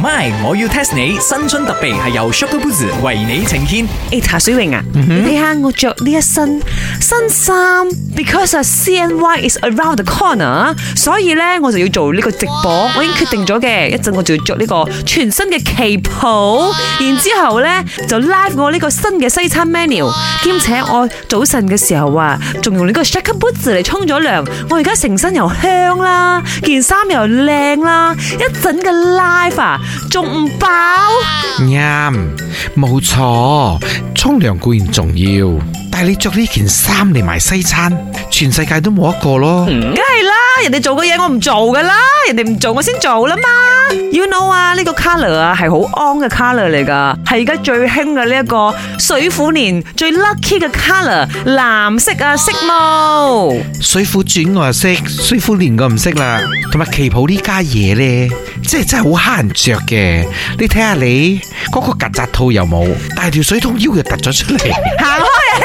咪，My, 我要 test 你新春特別係由 Shaker Boots 為你呈現。誒，茶水泳啊，mm hmm. 你睇下我着呢一身新衫，because 啊 CNY is around the corner，所以咧我就要做呢個直播，我已經決定咗嘅。一陣我就要着呢個全新嘅旗袍，然之後咧就 live 我呢個新嘅西餐 menu，兼且我早晨嘅時候啊，仲用呢個 Shaker Boots 嚟沖咗涼，我而家成身又香啦，件衫又靚啦，一陣嘅 live 啊！仲唔飽？啱，冇錯、嗯，沖涼固然重要，但係你着呢件衫嚟埋西餐，全世界都冇一個咯，梗係、嗯、啦。人哋做嘅嘢我唔做噶啦，人哋唔做我先做啦嘛。You know 啊，呢、這個 color 啊係好 on 嘅 color 嚟噶，係而家最興嘅呢一個水虎年最 lucky 嘅 color，藍色啊色毛。水滸傳我又識，水虎年我唔識啦。同埋旗袍家呢家嘢咧，真係真係好蝦人着嘅。你睇下你嗰、那個曱甴兔又冇？大條水桶腰又凸咗出嚟。行開啊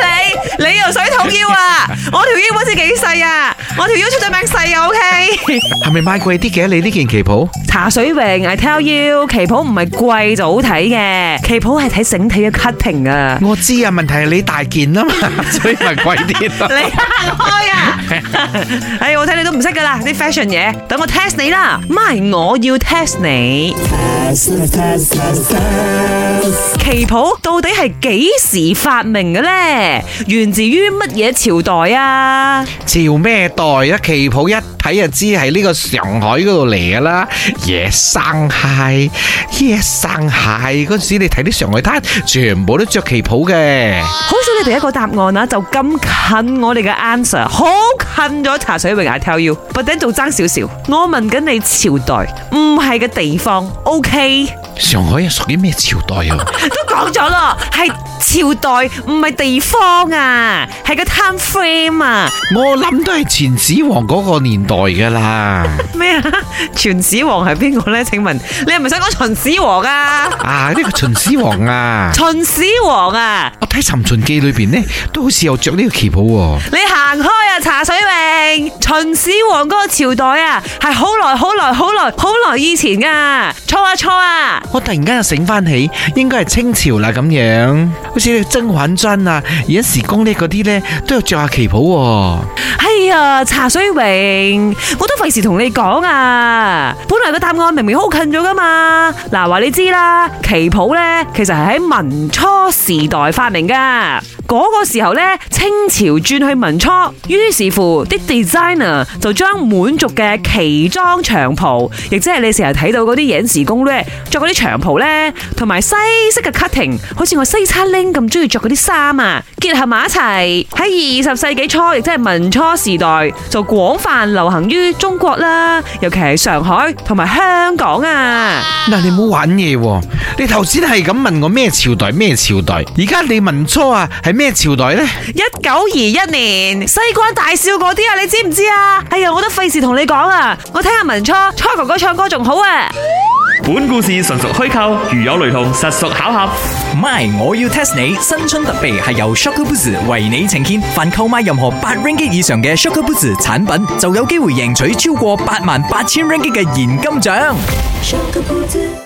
你！你又水桶腰啊？ 我條腰好似幾細啊！我條腰出咗名細啊，OK？係咪賣貴啲嘅？你呢件旗袍？茶水榮，I tell you，旗袍唔係貴就好睇嘅，旗袍係睇整體嘅 cutting 啊。我知啊，問題係你大件啊嘛，所以咪貴啲咯。你行開啊！哎，我睇你都唔識噶啦，啲 fashion 嘢。等我 test 你啦，咪，我要 test 你。旗袍到底係幾時發明嘅咧？源自於乜嘢朝代啊？朝咩代？來啊，旗袍一睇就知係呢個上海嗰度嚟噶啦，野生蟹，野生蟹嗰陣時你睇啲上海灘全部都着旗袍嘅，好想 你第一個答案啦，就咁近我哋嘅 answer，好近咗茶水泳，I tell you，but then 仲爭少少，我問緊你朝代唔係嘅地方，ok。上海係屬於咩朝代啊？都講咗咯，係朝代唔係地方啊，係個 time frame 啊。我諗都係秦始皇個年代噶啦。咩啊？ 秦始皇係邊個咧？請問你係咪想講秦始皇啊？啊呢個秦始皇啊？秦始皇啊？啊我睇《尋秦記》裏邊咧，都好似有着呢個旗袍喎。你行開。茶水明，秦始皇嗰個朝代很久很久很久，錯啊，錯啊。係好耐好耐好耐好耐以前啊，錯啊錯啊！我突然間又醒翻起，應該係清朝啦咁樣，好似《甄嬛傳》啊，而家時光呢嗰啲咧都有着下旗袍啊。 茶水榮，我都費事同你講啊！本來個答案明明好近咗噶嘛，嗱、啊、話你知啦，旗袍咧其實係喺民初時代發明噶。嗰個時候咧，清朝轉去民初，於是乎啲 designer 就將滿族嘅旗裝長袍，亦即係你成日睇到啲影視工咧着啲長袍咧，同埋西式嘅 cutting，好似我西餐咁中意着啲衫啊，結合埋一齊喺二十世紀初，亦即係民初時代。就廣泛流行於中國啦，尤其係上海同埋香港啊！嗱，你唔好玩嘢，你頭先係咁問我咩朝代咩朝代，而家你文初啊係咩朝代呢？一九二一年，西關大少嗰啲啊，你知唔知啊？哎呀，我都費事同你講啊，我聽下文初，初哥哥唱歌仲好啊。本故事純屬虛構，如有雷同，實屬巧合。My 我要 test 你新春特備係由 Shokubutsu 為你呈現。凡購買任何八 ringgit 以上嘅 Shokubutsu 產品，就有機會贏取超過八萬八千 ringgit 嘅現金獎。